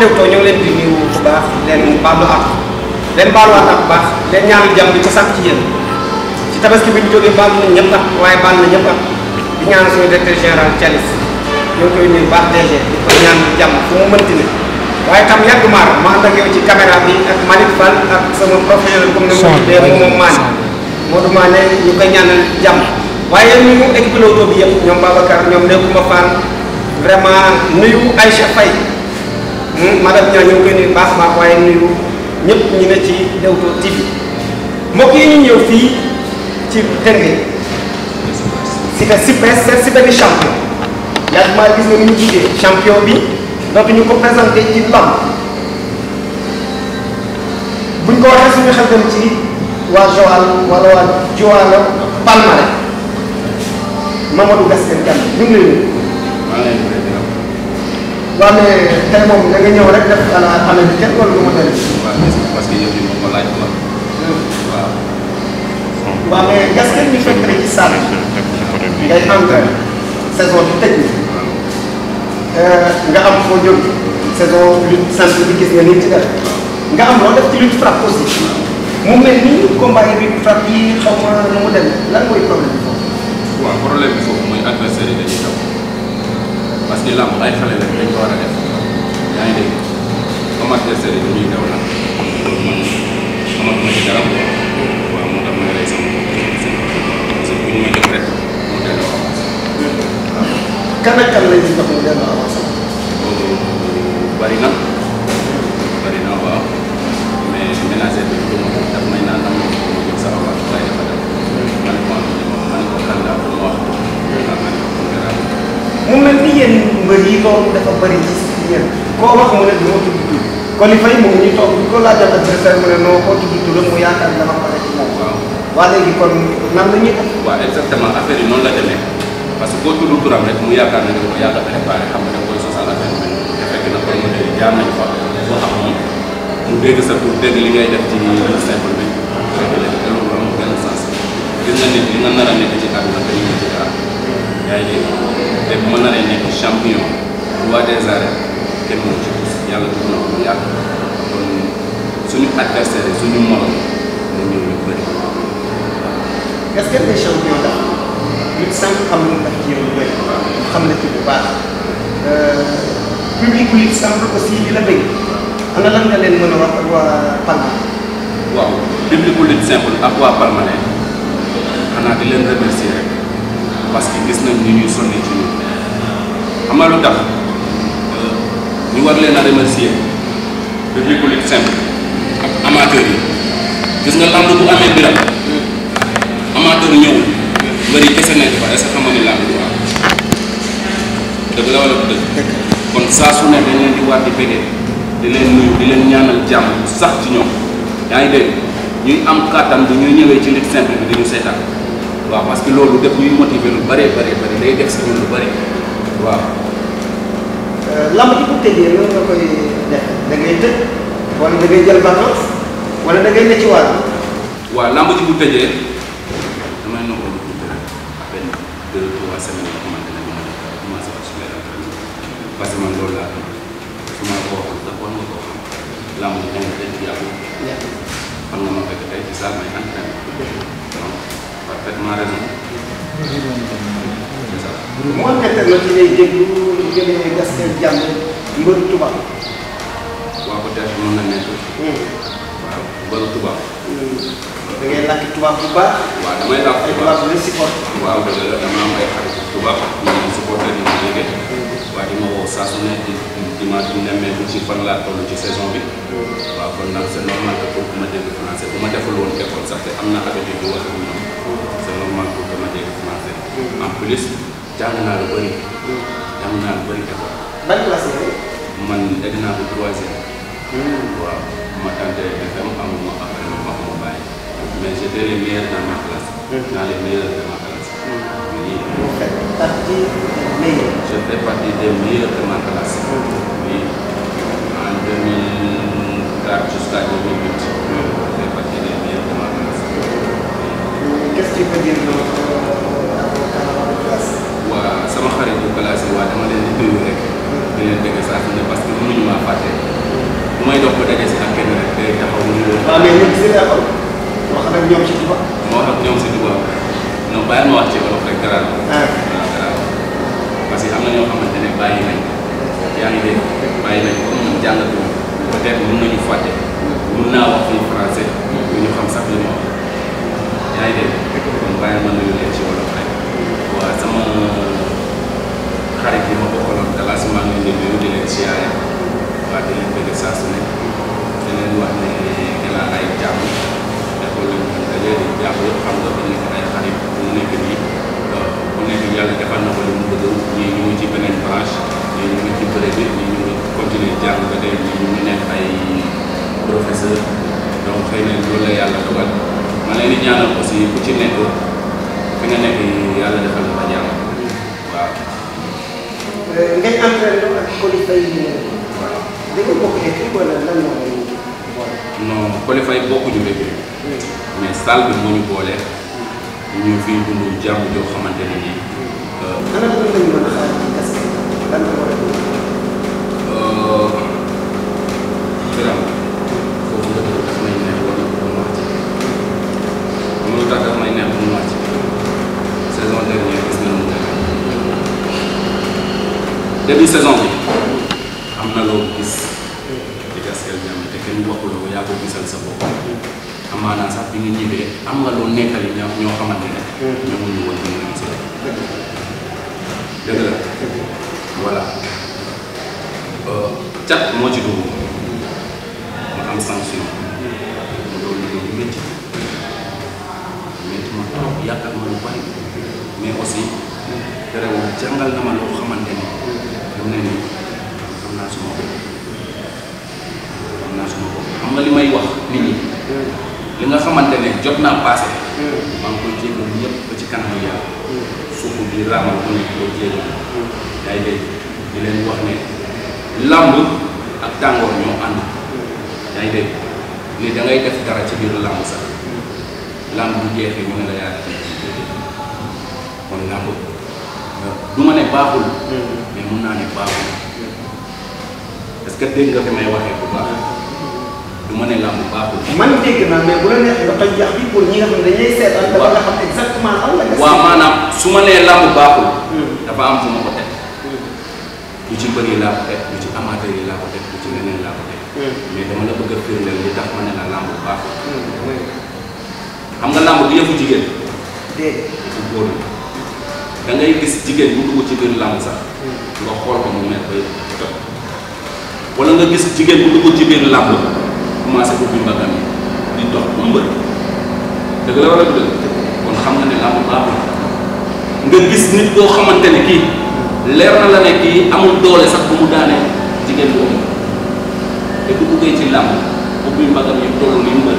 Leewtoo ñoo leen di nuyu bu baax leen baalu àq leen baalu àq bu baax leen ñaanu jàmm di ko sax ci yéen ci tabaski bi ñu jógee baal na ñëpp ak waaye baal na ñëpp ak di ñaan suñu directeur général Thialis ñoo ngi koy nuyu baax DG di ko ñaan jàmm fu mu mënti waaye tam yàgg maar ma ànd ci caméra bi ak Malick Fall ak sama professeur comme ni ma tuddee moom moom Maane Modou Maane ñu koy ñaanal jàmm waaye yéen ñu équipe Leewtoo bi yëpp ñoom madame Niang ñu ngi koy nuyu baax baax waaye nuyu ñëpp ñu ne ci Leewtoo TV mbokk yi ñu ñëw fii ci terrain si te Sipes seet si benn champion yàgg maa gis nga ni bi dootu ko présenté ci lamb buñ ko waxee suñu xel dem ci waa Joal wala waa Joal Palmarin Mamadou Gaskel Kane ñu ngi lay waaw mais tey moom da nga ñëw rek def à la à la vitesse wala lu ma doon. waaw fekk rek ci salle bi. ngay engrais euh, nga am foo jóg saison lutte simple bi nga am loo def ci lutte frappe mu mel ni combat yi lutte frappe yi xaw ma nu lan mooy problème bi foofu. parce que làmb ay xale la dañ ko war a def yaa ngi dégg commencé sëriñ ñuy daw la loolu man xamatuma ci dara waaw moo tax ma lay sama parce que bu ñu ma jox rek mu delloo avance. kan ak kan lañ ci jox mu delloo avance. bari na bari na waaw mais ménager bi daf may naan am na ko jox sa avance waaye dafa def man ko man ko kan laa mu mel ni yéen mbër yi loolu dafa bëri ci yéen koo wax mu ne du ma tudd tur kon li fay moom ñu toog di ko laajal adversaire mu ne noo ko tudd turam mu yaakaar dafa pare ci moom. waaw waa léegi kon nan la ñuy def. waaw exactement affaire yi noonu la demee parce que boo tudd turam rek mu yaakaar ne da nga ko yàlla préparé xam nga da nga koy sosal affaire bi te fekk na ne jaar nañu fa boo xam moom mu dégg sa tur dégg li ngay def ci simple bi fekk na te loolu amul benn sens gis nga nit li nga nar a nekk ci àdduna te bu ma naree nekk champion roi des arènes kenn moo ci yàlla def na ko yàgg kon suñu adversaire suñu morom la ñëw ñu bëri. est-ce que les champion ndax nit sànq xam nañ ndax ci yow lu xam na ci bu baax. Euh, public bi it sànq aussi di la bëgg. ana lan nga leen mën wax ak waa Palma. waaw public bu lutte ak waa Palma xanaa di leen remercier rek. parce que gis nañ ni ñuy sonné ci euh, ñu war a remercier yi gis nga lamb bu amee biram amateur ñëwul mbër yi kese nañ fa est-ce que xam du am dëgg la wala du dëgg kon saa su ne dañ leen di war di leen nuyu di leen ñaanal jàmm sax ci ñoom yaa ngi ñuy am kàttan bi ñuy ñëwee ci lutte simple bi dañu seetaan waaw parce que loolu def ñuy motiver lu bëree bëri bëri day def si lu bëri waaw. Euh, lamb ji bu loolu nga koy def da ngay tëj wala da ngay jël vacance wala da ngay ne ci waat. waaw lamb ji bu tëjee damay nangoo lu tudd rek à peine deux trois semaines parce que man loolu xam su ma ko waxoon sax war nga koo xam lamb ji moom la tëj nga ma fekk tey parfaitement raison. c'est ça. moo nekk nag ci lay déglu jëlee Gaskel Diagne mbëru tubaab. waaw peut-être mën na nekk. waaw mbëru tubaab. da ngay làkk tubaab bu baax. waaw damay làkk tubaab ay tubaab lay supporté. waaw dëgg la dama am ay xarit tubaab ñu ngi supporté di ma liggéey. waaw di ma woo saa su ne di di ma nemmeeku ci fan laa toll ci saison bi. waaw kon nag c'est normal que pour ma dégg français bu ma defal woon école sax te am na habitude di wax ak ñoom. c'est normal pour que ma jege commencé. plus jàng naa lu bëri. jàng naa lu bëri dafa. ban classe la man egg naa ko troisième. Hmm. waaw ma tenté FM amuma affaire ma wax ma bàyyi. mais j'étais les meilleurs dans ma classe. Hmm. dans les meilleurs de ma classe. Hmm. oui. partie meilleure. je fais partie des meilleurs de ma classe. oui en 2004 jusqu'à 2008. qu'est-ce sama xarit bu classé waa dama leen di nuyu rek di leen saa fi ne parce que mënuñu maa fàtte bu may dox ba daje si kenn rek day mu ñëw. waaw mais parce que am xamante ne bàyyi nañ yaa ngi bàyyi nañ comme ñun jàngatuñu peut-être mën nañu fàtte mën naa wax ñu français ñu xam sax li ñu wax. yaa ngi dégg kon bàyyi ma nuyu leen ci wolof rek waa sama xarit yi ma bokkaloon Dallas maa ngi leen di nuyu di leen siyaare waa di leen bëgg saa su nekk di leen wax ne gën a ay jàmm nekkul leen ñu dajee di jàmm yëpp xam nga ba nekk ay xarit bu nekk nii ku nekk yàlla defal na ko li mu bëgg ñii ñu ngi ci beneen branche ñii ñu ngi ci bëre bi ñii ñu ngi continuer jàng ba tey ñii ñu ngi nekk ay professeur donc xëy na loolu la yàlla dogal. ma leen di ñaanal aussi ku ci nekk fi nga nekk yàlla defal la jàmm waaw. Euh, waaw nga bokk équipe wala lan moo leen boole. non Colifay bokkuñu équipe. mais salle bi moo ñu boole. ñu fi dund jàmm joo xamante ne nii. Euh, ana début saison bi am na loo gis di gaskel ñam te kenn waxuloo yaa ko gisal sa bopp amaanaa sax bi nga ñibbee am nga loo nekkali ñam ñoo xamante ne ñamuñu woon ñu ngi si voilà euh, cat moo ci mu am sanction ma lu bari mais aussi terewul jàngal na loo xamante ne gëm nañ ne naa suma bopp am naa suma bopp xam nga li may wax nit ñi li nga xamante ne jot naa passé maa ngi koy jégal ñëpp ci kanamu yàlla suuf wax ne làmb ak tàngoor biir làmb sax làmb bu jeexee ñu ne la yaa ma ne baaxul que dégg nga fi may waxee bu baax du ma ne làmb baaxul. man dégg naa mais bu la neex nga toj yax bi pour ñi nga xam la. waaw maanaam su hmm. hmm. ci bëri laa ci amateur yi laa ko teg lu ci hmm. a firndeel li la làmb baaxul. xam nga làmb du yëfu jigéen. déedéet du góor da ngay gis jigéen bu dugg ci biir làmb sax. nga xool ko mu mel ba toj. wala nga gis jigéen bu dugg ci biir làmb commencé ko bi yi di dox ba mbër dëgg la war a dëgg kon xam nga ne làmb baaxul nga gis nit koo xamante ne kii leer na la ne kii amul doole sax bu mu daanee jigéen boobu te bu duggee ci làmb ubbi mbagam yi toll ni mbër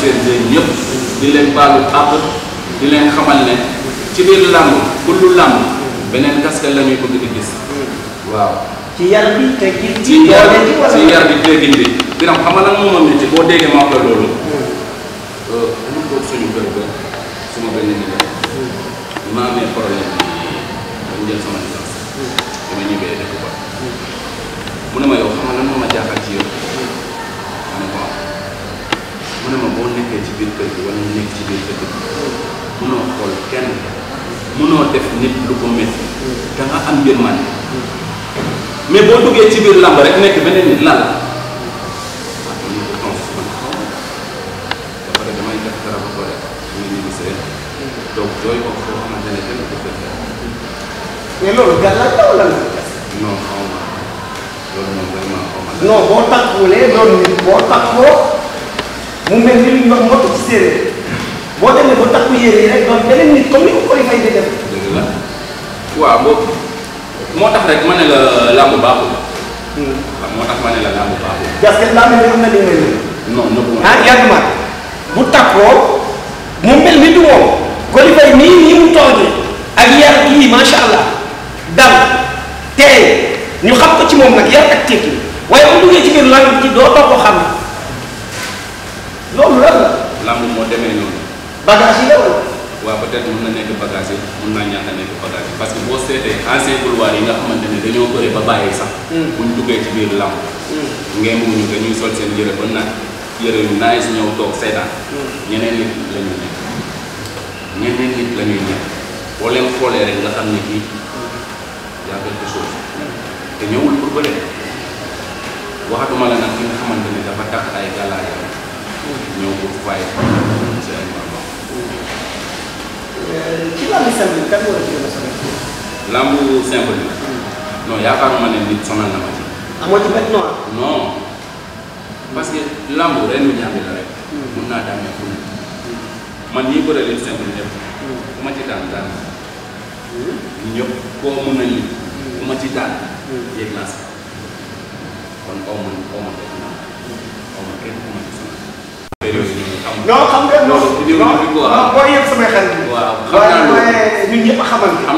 CNG ñëpp di leen baalu àq di leen xamal ne ci biir làmb kullu làmb beneen casquette la ñuy bëgg di gis waaw. ci yar bi te ci ci yar ci yar bi teggin bi. dina xam nga lan moo ma boo déggee ma wax la loolu. Hmm. Euh, amul ko suñu kër ga suma benn nit hmm. maa bi dama jël sama licence. Hmm. dama mu ne ma yow. biir kër gi wala ñu nekk ci biir kër gi mënoo xool kenn mënoo def nit lu ko métti da nga am yërmande mais boo duggee ci biir làmb rek nekk beneen nit lan la ah, donc yooyu moom foo xamante ne tamit du ko def. mais loolu gàllankoor boo tàqoolee loolu mu mel ni li ñuy wax mbokku ci séeréer boo demee ba takku yére yi rek doon beneen nit comme ni ko koy fay di def. dëgg la waaw boobu moo tax rek ma ne la làmb baaxul. waaw hmm. moo tax ma ne la làmb baaxul. parce que làmb bi am na li nga yëngu. non non ah yàgg ma bu takkoo mu mel ni du moom. Coly Faye nii nii mu toogee ak yar yii macha allah dal tey ñu xam ko ci moom nag yar ak tekki waaye bu duggee ci biir làmb ci doo toog ko xam. loolu la. moo demee noonu. bagage yi la wala. waaw peut-être na nekk bagage yi mën naa ñàkk nekk bagage yi parce que boo seetee ancien couloir yi nga xamante ni dañoo bëri ba bàyyi sax. Hmm. bu ñu duggee ci biir làmb. Hmm. ngeen mu ñu dañuy sol seen yëre ba naan yëre yu naaj ñëw toog seetaan. Hmm. ñeneen nit la ñuy nekk ñeneen nit la nekk boo leen xoolee rek nga xam ne kii y a quelque chose te ñëwul pour bëre waxatuma la nag ki nga xamante ne dafa takk ay galaaj. ñëw pour fay seen mbambam. ci wàllu simple kan war a gën a sonal. lamb simple bi. non yaakaaruma ne nit sonal na parce que ñaari la rek. mun naa daanee pour man ñi bëre leen simple ñëpp. ku ma ci daan daan. mun na lii. ku ma ci daan. yéeg naa sax kon koo mën koo mën def naa. koo mën kenn non xam nga loolu non boo yëg xam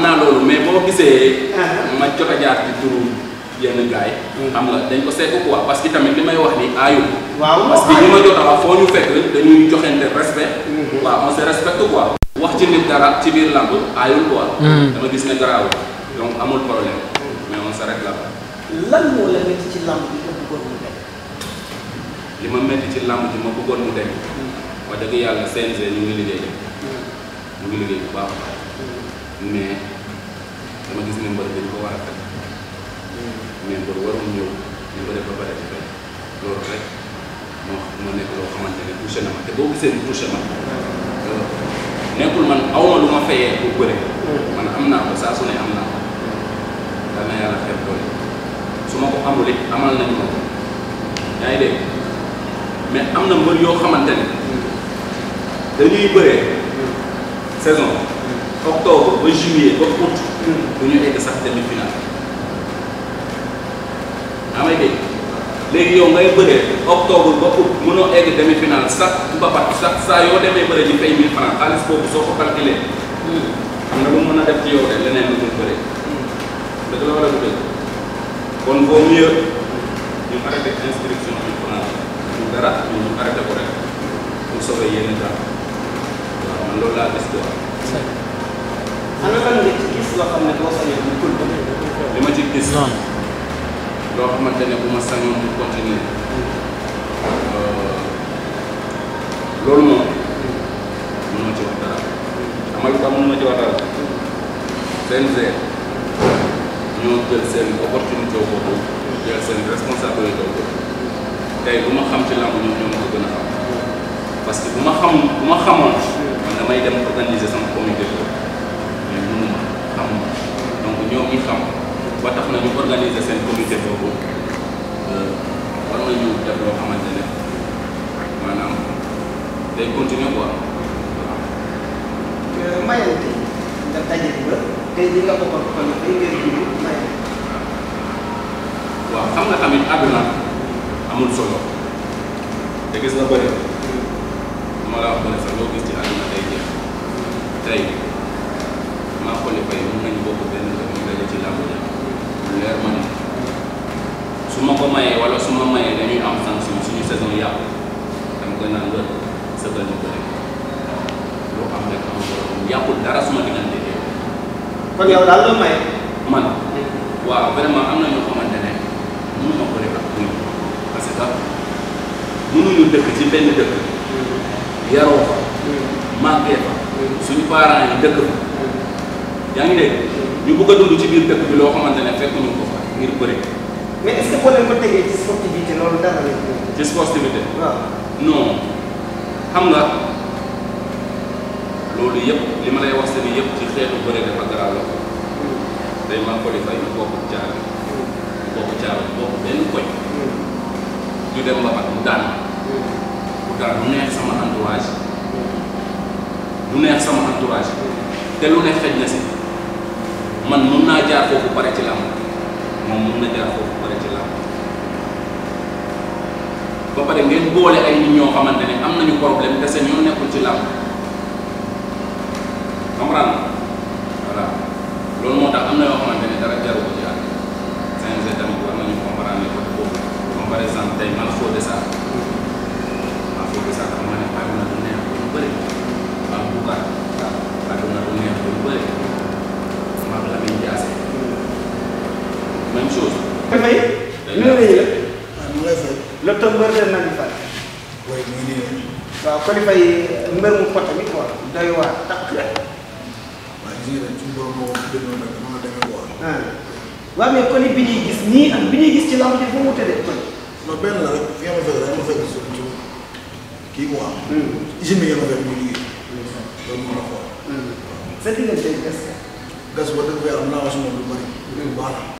naa waaye loolu mais boo gisee. Ah. ma jot a jaar ci turu yenn gars yi. Hmm. xam nga dañ ko seetlu quoi parce que tamit li may wax ni aayul. waaw parce que ñi ma jot a wax foo ñu fekk dañuy joxente respect. Hmm. waaw on se respecte quoi. wax ci nit dara ci biir lamb aayul quoi. Hmm. dama gis ne garaaw donc amul problème mais on se rek la. lan moo la métti ci lamb bi nga bëggoon mu dem. li ma métti ci lamb bi ma bëggoon mu dem. wax dëgg yàlla CNG ñu ngi liggéey ñu ngi liggéey bu baax mm. mais dama gis ne mbër dañ ko war a fekk mm. mais mbër waroon ñëw ñu ko def ba pare defee loolu rek moo moo nekk loo xamante ne touché na ma te boo gisee touché ma mm. euh, nekkul man aw ma lu ma fayee bu bëre man am naa ko saa su ne am naa ko dal na yàlla xeeb doole su ma ko amul it amal nañu ma ko yaa ngi dégg mais am na mbër yoo xamante ne dañuy bëree saison octobre ba juillet ba août. bu ñu egg sax demi-finale. daa léegi yow ngay bëree octobre ba août mënoo egg demi sax mbapat sax saa yoo demee bëree ñu fay 1000 francs xaalis boobu soo ko calculé. xam nga lu mën a def ci yow de leneen lu dul bëree. dëgg la wala du dëgg kon vaut mieux ñu arrêté inscription bi ñu dara ñu arrêté ko rek pour sauver yenn temps. loolu laa gis quoi. ana lan ci gis loo xam ne boo mu continuer. li ma ci gis. bu ma sañoon mu continuer. Euh, loolu moom. mun ma ci wax dara. amal itam mun ma ci wax dara. CNG ñoo jël seen opportunité boobu. jël seen responsabilité boobu. tey lu ma xam ci làmb ñoom ko gën a xam. parce bu ma xam bu ma xamoon. damay dem organiser sama comité boobu mais mënuma xam donc ñoo ngi xam ba tax na ñu organiser seen comité boobu euh, war nañu def loo xamante ne maanaam day continuer quoi euh, waaw. mayante nga xam nga àdduna amul solo te gis nga bëri. ma la wax ko ne sax loo gis ci àdduna day jeex tey maa xolli fay mun nañu bokk benn dëkk ñu daje ci làmb ja leer ma ne su ma ko mayee wala su ma mayee dañuy am sanction suñu saison yàqu dama koy naan nga sëgal ñu ko rek loo am rek am borom dara suma diggante yow. kon yow daal loo maye. man waaw vraiment am na ñoo xamante ne ma ko rek ak parce que mënuñu dëkk ci benn dëkk. yaroo fa màggee fa mm. suñu parents yi dëkk fa mm. yaa ngi dégg ñu bëgg a dund ci biir dëkk bi loo xamante ne fekk ñu ko fa ngir bëri mais est-ce ci sportivité loolu xam nga loolu yëpp li ma lay wax seen yëpp ci xeetu bëri dafa garaaw la day man ko di fay ñu bokk jaar mm. ñu bokk jaar ñu bokk benn koñ ñu dem ba at mu daan mu daan mu neex sama entourage lu neex sama entourage te lu ne xëj na si man mun naa jaar foofu pare ci làmb moom mun na jaar foofu pare ci làmb ba pare ngeen boole ay nit ñoo xamante ne am nañu problème te seen ñoo nekkul ci làmb comprendre voilà loolu moo tax am na yoo xamante ne dara jaru ko ci àll CNG tamit war nañu comprendre ne côté boobu comme par exemple tey man foo de mbër de nañu fa. waaye ñu ngi nii. waaw kilifa yi mbër mu ko tamit quoi doy waar tax. waaye gis nga suñu borom moo ko déggoo nag dama la demee woon. Ah. waaw mais kon bi ñuy gis nii ak bi ñuy gis ci lamb ji fu mu wute de kon. non benn la rek fi nga ma fekk rek ma fekk suñu suñu kii quoi. Hmm. usine bi nga ma fekk mu liggéey. loolu moo la ko wax. Hmm. sa diggante gas. gas ba dëgg fa yàlla am naa wax moom lu bari. Hmm. lu baax la.